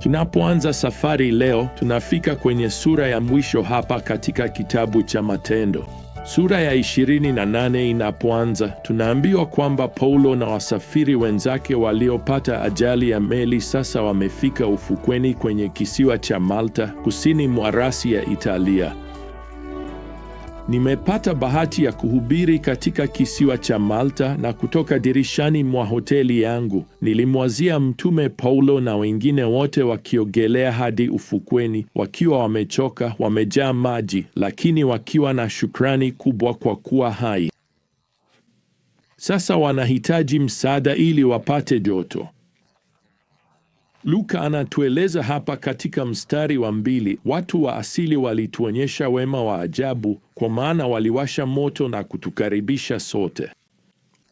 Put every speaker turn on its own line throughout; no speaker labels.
Tunapoanza safari leo, tunafika kwenye sura ya mwisho hapa katika kitabu cha Matendo. Sura ya 28 inapoanza, tunaambiwa kwamba Paulo na wasafiri wenzake waliopata ajali ya meli sasa wamefika ufukweni kwenye kisiwa cha Malta kusini mwa rasi ya Italia. Nimepata bahati ya kuhubiri katika kisiwa cha Malta, na kutoka dirishani mwa hoteli yangu nilimwazia Mtume Paulo na wengine wote wakiogelea hadi ufukweni, wakiwa wamechoka, wamejaa maji, lakini wakiwa na shukrani kubwa kwa kuwa hai. Sasa wanahitaji msaada ili wapate joto. Luka anatueleza hapa katika mstari wa mbili, watu wa asili walituonyesha wema wa ajabu, kwa maana waliwasha moto na kutukaribisha sote.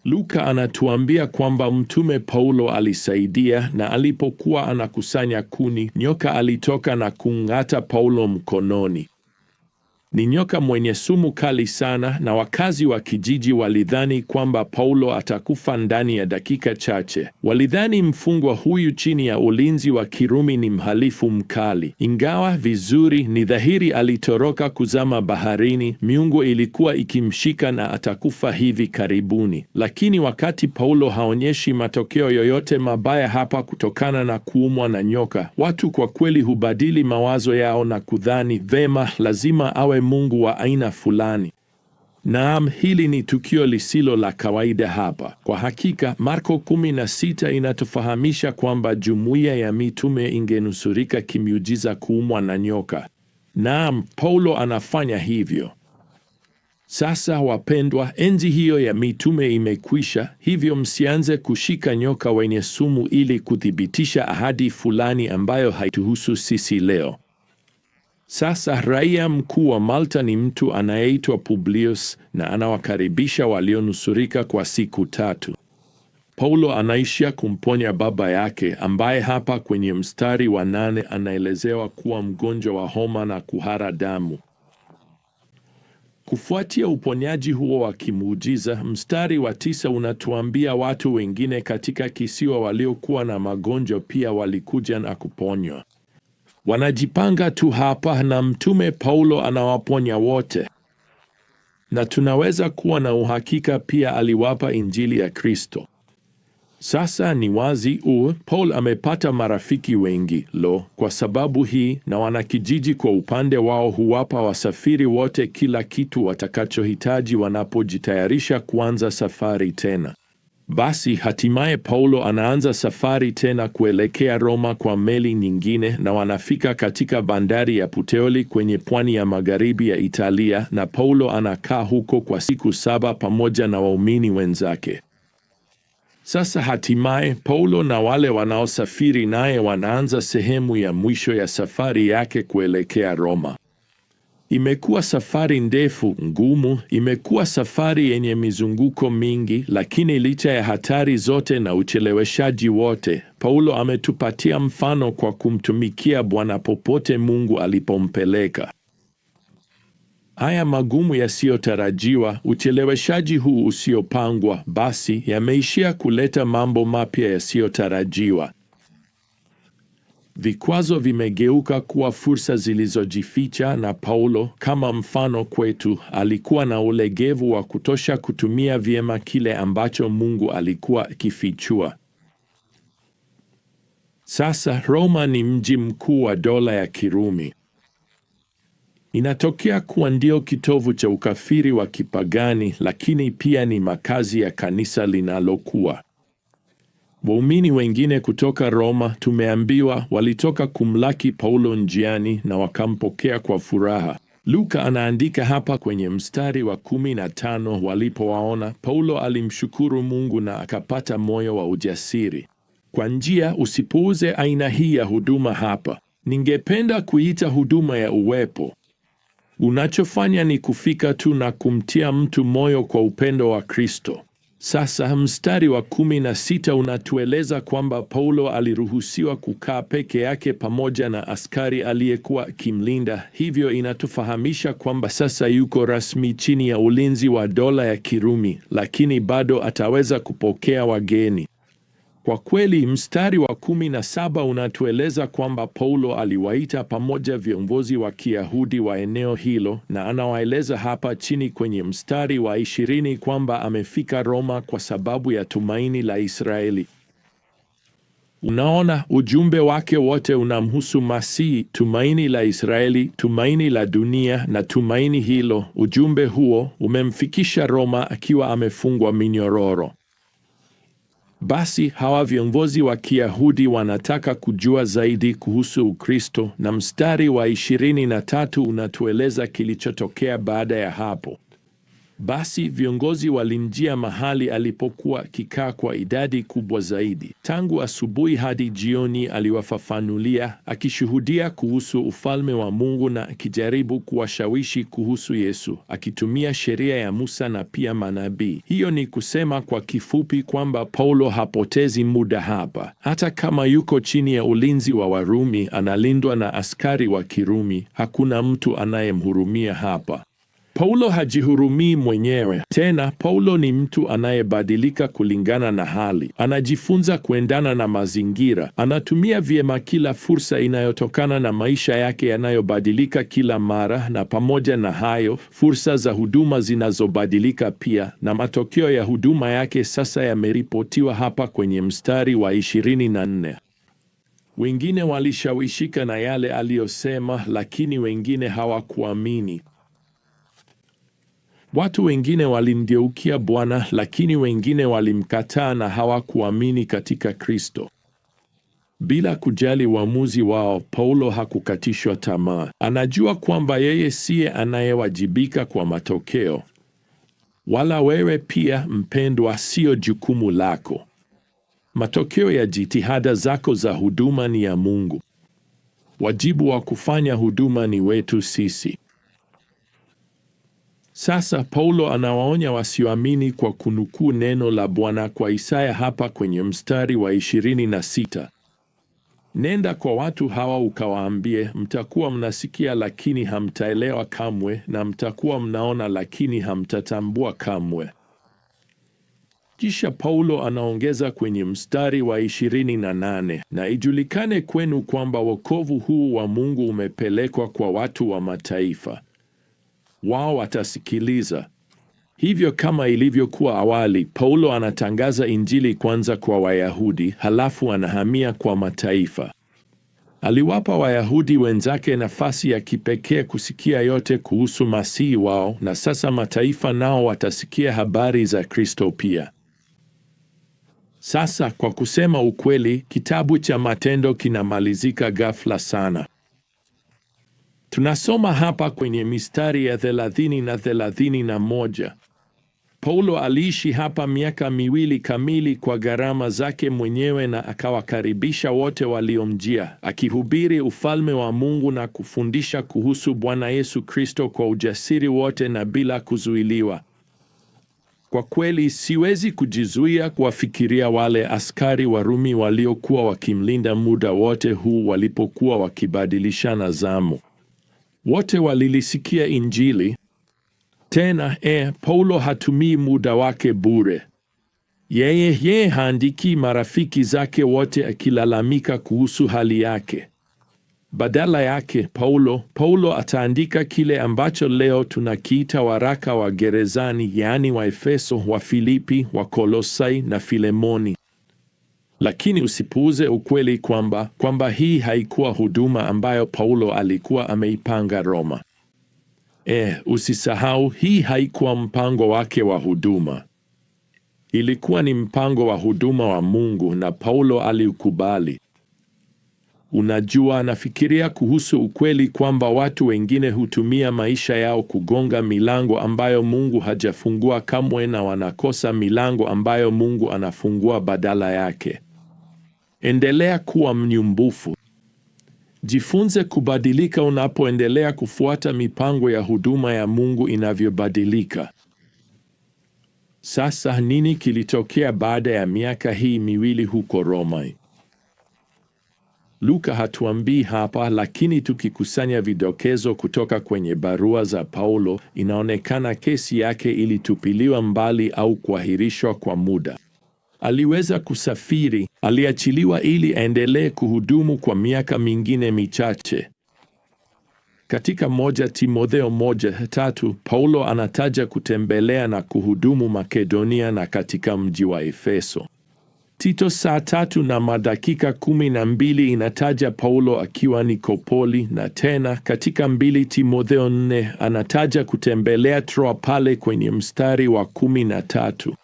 Luka anatuambia kwamba mtume Paulo alisaidia, na alipokuwa anakusanya kuni, nyoka alitoka na kung'ata Paulo mkononi ni nyoka mwenye sumu kali sana, na wakazi wa kijiji walidhani kwamba Paulo atakufa ndani ya dakika chache. Walidhani mfungwa huyu chini ya ulinzi wa Kirumi ni mhalifu mkali. Ingawa vizuri, ni dhahiri alitoroka kuzama baharini, miungu ilikuwa ikimshika na atakufa hivi karibuni. Lakini wakati Paulo haonyeshi matokeo yoyote mabaya hapa kutokana na kuumwa na nyoka, watu kwa kweli hubadili mawazo yao na kudhani vema, lazima awe mungu wa aina fulani. Naam, hili ni tukio lisilo la kawaida hapa. Kwa hakika, Marko 16 inatufahamisha kwamba jumuiya ya mitume ingenusurika kimiujiza kuumwa na nyoka. Naam, Paulo anafanya hivyo. Sasa wapendwa, enzi hiyo ya mitume imekwisha, hivyo msianze kushika nyoka wenye sumu ili kuthibitisha ahadi fulani ambayo haituhusu sisi leo. Sasa raia mkuu wa Malta ni mtu anayeitwa Publius na anawakaribisha walionusurika kwa siku tatu. Paulo anaishia kumponya baba yake ambaye hapa kwenye mstari wa nane anaelezewa kuwa mgonjwa wa homa na kuhara damu. Kufuatia uponyaji huo wa kimuujiza, mstari wa tisa unatuambia watu wengine katika kisiwa waliokuwa na magonjwa pia walikuja na kuponywa wanajipanga tu hapa, na Mtume Paulo anawaponya wote, na tunaweza kuwa na uhakika pia aliwapa injili ya Kristo. Sasa ni wazi u Paul amepata marafiki wengi lo kwa sababu hii, na wanakijiji kwa upande wao huwapa wasafiri wote kila kitu watakachohitaji wanapojitayarisha kuanza safari tena. Basi hatimaye Paulo anaanza safari tena kuelekea Roma kwa meli nyingine, na wanafika katika bandari ya Puteoli kwenye pwani ya magharibi ya Italia, na Paulo anakaa huko kwa siku saba pamoja na waumini wenzake. Sasa hatimaye Paulo na wale wanaosafiri naye wanaanza sehemu ya mwisho ya safari yake kuelekea Roma. Imekuwa safari ndefu, ngumu, imekuwa safari yenye mizunguko mingi, lakini licha ya hatari zote na ucheleweshaji wote, Paulo ametupatia mfano kwa kumtumikia Bwana popote Mungu alipompeleka. Haya magumu yasiyotarajiwa, ucheleweshaji huu usiopangwa, basi yameishia kuleta mambo mapya yasiyotarajiwa. Vikwazo vimegeuka kuwa fursa zilizojificha, na Paulo kama mfano kwetu alikuwa na ulegevu wa kutosha kutumia vyema kile ambacho Mungu alikuwa akifichua. Sasa Roma ni mji mkuu wa dola ya Kirumi. Inatokea kuwa ndio kitovu cha ukafiri wa kipagani, lakini pia ni makazi ya kanisa linalokuwa Waumini wengine kutoka Roma, tumeambiwa, walitoka kumlaki Paulo njiani na wakampokea kwa furaha. Luka anaandika hapa kwenye mstari wa kumi na tano, walipowaona Paulo alimshukuru Mungu na akapata moyo wa ujasiri. Kwa njia, usipuuze aina hii ya huduma hapa. Ningependa kuita huduma ya uwepo. Unachofanya ni kufika tu na kumtia mtu moyo kwa upendo wa Kristo. Sasa mstari wa kumi na sita unatueleza kwamba Paulo aliruhusiwa kukaa peke yake pamoja na askari aliyekuwa akimlinda. Hivyo inatufahamisha kwamba sasa yuko rasmi chini ya ulinzi wa dola ya Kirumi, lakini bado ataweza kupokea wageni. Kwa kweli mstari wa kumi na saba unatueleza kwamba Paulo aliwaita pamoja viongozi wa Kiyahudi wa eneo hilo, na anawaeleza hapa chini kwenye mstari wa ishirini kwamba amefika Roma kwa sababu ya tumaini la Israeli. Unaona, ujumbe wake wote unamhusu Masihi, tumaini la Israeli, tumaini la dunia na tumaini hilo. Ujumbe huo umemfikisha Roma akiwa amefungwa minyororo. Basi hawa viongozi wa Kiyahudi wanataka kujua zaidi kuhusu Ukristo na mstari wa 23 unatueleza kilichotokea baada ya hapo. Basi viongozi walimjia mahali alipokuwa akikaa kwa idadi kubwa zaidi. Tangu asubuhi hadi jioni, aliwafafanulia akishuhudia kuhusu ufalme wa Mungu na akijaribu kuwashawishi kuhusu Yesu akitumia sheria ya Musa na pia manabii. Hiyo ni kusema kwa kifupi kwamba Paulo hapotezi muda hapa. Hata kama yuko chini ya ulinzi wa Warumi, analindwa na askari wa Kirumi, hakuna mtu anayemhurumia hapa. Paulo hajihurumii mwenyewe tena. Paulo ni mtu anayebadilika kulingana na hali, anajifunza kuendana na mazingira, anatumia vyema kila fursa inayotokana na maisha yake yanayobadilika kila mara, na pamoja na hayo fursa za huduma zinazobadilika pia, na matokeo ya huduma yake sasa yameripotiwa hapa kwenye mstari wa 24. Wengine walishawishika na yale aliyosema, lakini wengine hawakuamini. Watu wengine walimgeukia Bwana, lakini wengine walimkataa na hawakuamini katika Kristo. Bila kujali uamuzi wao, Paulo hakukatishwa tamaa. Anajua kwamba yeye siye anayewajibika kwa matokeo, wala wewe pia mpendwa, siyo jukumu lako. Matokeo ya jitihada zako za huduma ni ya Mungu. Wajibu wa kufanya huduma ni wetu sisi. Sasa Paulo anawaonya wasioamini kwa kunukuu neno la Bwana kwa Isaya hapa kwenye mstari wa 26 Nenda kwa watu hawa ukawaambie, mtakuwa mnasikia lakini hamtaelewa kamwe, na mtakuwa mnaona lakini hamtatambua kamwe. Kisha Paulo anaongeza kwenye mstari wa 28 na na ijulikane kwenu kwamba wokovu huu wa Mungu umepelekwa kwa watu wa mataifa wao watasikiliza. Hivyo kama ilivyokuwa awali, Paulo anatangaza Injili kwanza kwa Wayahudi, halafu anahamia kwa mataifa. Aliwapa Wayahudi wenzake nafasi ya kipekee kusikia yote kuhusu Masihi wao, na sasa mataifa nao watasikia habari za Kristo pia. Sasa kwa kusema ukweli, kitabu cha Matendo kinamalizika ghafla sana. Tunasoma hapa kwenye mistari ya thelathini na thelathini na moja. Paulo aliishi hapa miaka miwili kamili kwa gharama zake mwenyewe na akawakaribisha wote waliomjia, akihubiri ufalme wa Mungu na kufundisha kuhusu Bwana Yesu Kristo kwa ujasiri wote na bila kuzuiliwa. Kwa kweli siwezi kujizuia kuwafikiria wale askari Warumi waliokuwa wakimlinda muda wote huu walipokuwa wakibadilishana zamu. Wote walilisikia Injili. Tena eh, Paulo hatumii muda wake bure. Yeye yeye haandiki marafiki zake wote akilalamika kuhusu hali yake. Badala yake Paulo Paulo ataandika kile ambacho leo tunakiita waraka wa gerezani, yaani Waefeso, wa Wakolosai na Filemoni. Lakini usipuuze ukweli kwamba kwamba hii haikuwa huduma ambayo Paulo alikuwa ameipanga Roma. E, usisahau hii haikuwa mpango wake wa huduma. Ilikuwa ni mpango wa huduma wa Mungu na Paulo aliukubali. Unajua, anafikiria kuhusu ukweli kwamba watu wengine hutumia maisha yao kugonga milango ambayo Mungu hajafungua kamwe na wanakosa milango ambayo Mungu anafungua badala yake. Endelea kuwa mnyumbufu. Jifunze kubadilika unapoendelea kufuata mipango ya huduma ya Mungu inavyobadilika. Sasa nini kilitokea baada ya miaka hii miwili huko Roma? Luka hatuambii hapa, lakini tukikusanya vidokezo kutoka kwenye barua za Paulo, inaonekana kesi yake ilitupiliwa mbali au kuahirishwa kwa muda aliweza kusafiri, aliachiliwa ili aendelee kuhudumu kwa miaka mingine michache. Katika moja Timotheo moja tatu Paulo anataja kutembelea na kuhudumu Makedonia na katika mji wa Efeso. Tito saa tatu na madakika kumi na mbili inataja Paulo akiwa Nikopoli, na tena katika mbili Timotheo nne anataja kutembelea Troa pale kwenye mstari wa kumi na tatu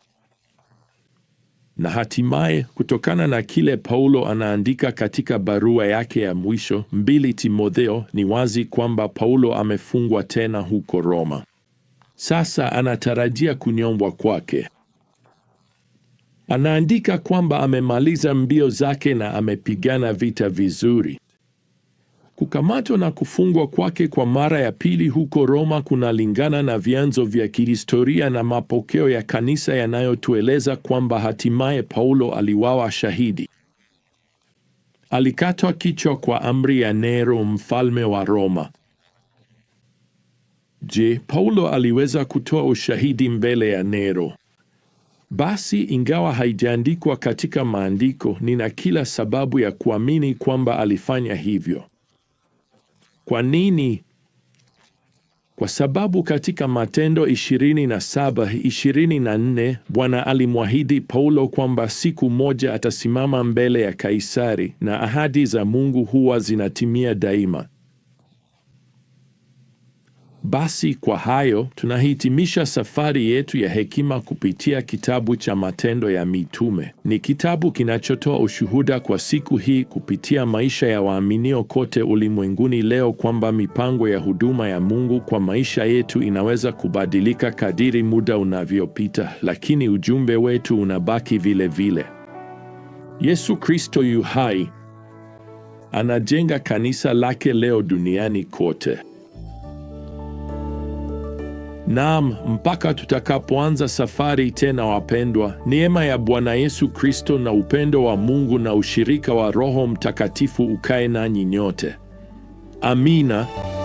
na hatimaye kutokana na kile Paulo anaandika katika barua yake ya mwisho mbili Timotheo, ni wazi kwamba Paulo amefungwa tena huko Roma. Sasa anatarajia kunyongwa kwake. Anaandika kwamba amemaliza mbio zake na amepigana vita vizuri, Kukamatwa na kufungwa kwake kwa mara ya pili huko Roma kunalingana na vyanzo vya kihistoria na mapokeo ya kanisa yanayotueleza kwamba hatimaye Paulo aliwawa shahidi. Alikatwa kichwa kwa amri ya Nero, mfalme wa Roma. Je, Paulo aliweza kutoa ushahidi mbele ya Nero? Basi, ingawa haijaandikwa katika maandiko, nina kila sababu ya kuamini kwamba alifanya hivyo. Kwa nini? Kwa sababu katika Matendo 27 24 Bwana alimwahidi Paulo kwamba siku moja atasimama mbele ya Kaisari, na ahadi za Mungu huwa zinatimia daima. Basi kwa hayo tunahitimisha safari yetu ya hekima kupitia kitabu cha Matendo ya Mitume. Ni kitabu kinachotoa ushuhuda kwa siku hii kupitia maisha ya waaminio kote ulimwenguni leo kwamba mipango ya huduma ya Mungu kwa maisha yetu inaweza kubadilika kadiri muda unavyopita, lakini ujumbe wetu unabaki vile vile. Yesu Kristo yu hai, anajenga kanisa lake leo duniani kote. Naam, mpaka tutakapoanza safari tena, wapendwa, neema ya Bwana Yesu Kristo na upendo wa Mungu na ushirika wa Roho Mtakatifu ukae nanyi nyote. Amina.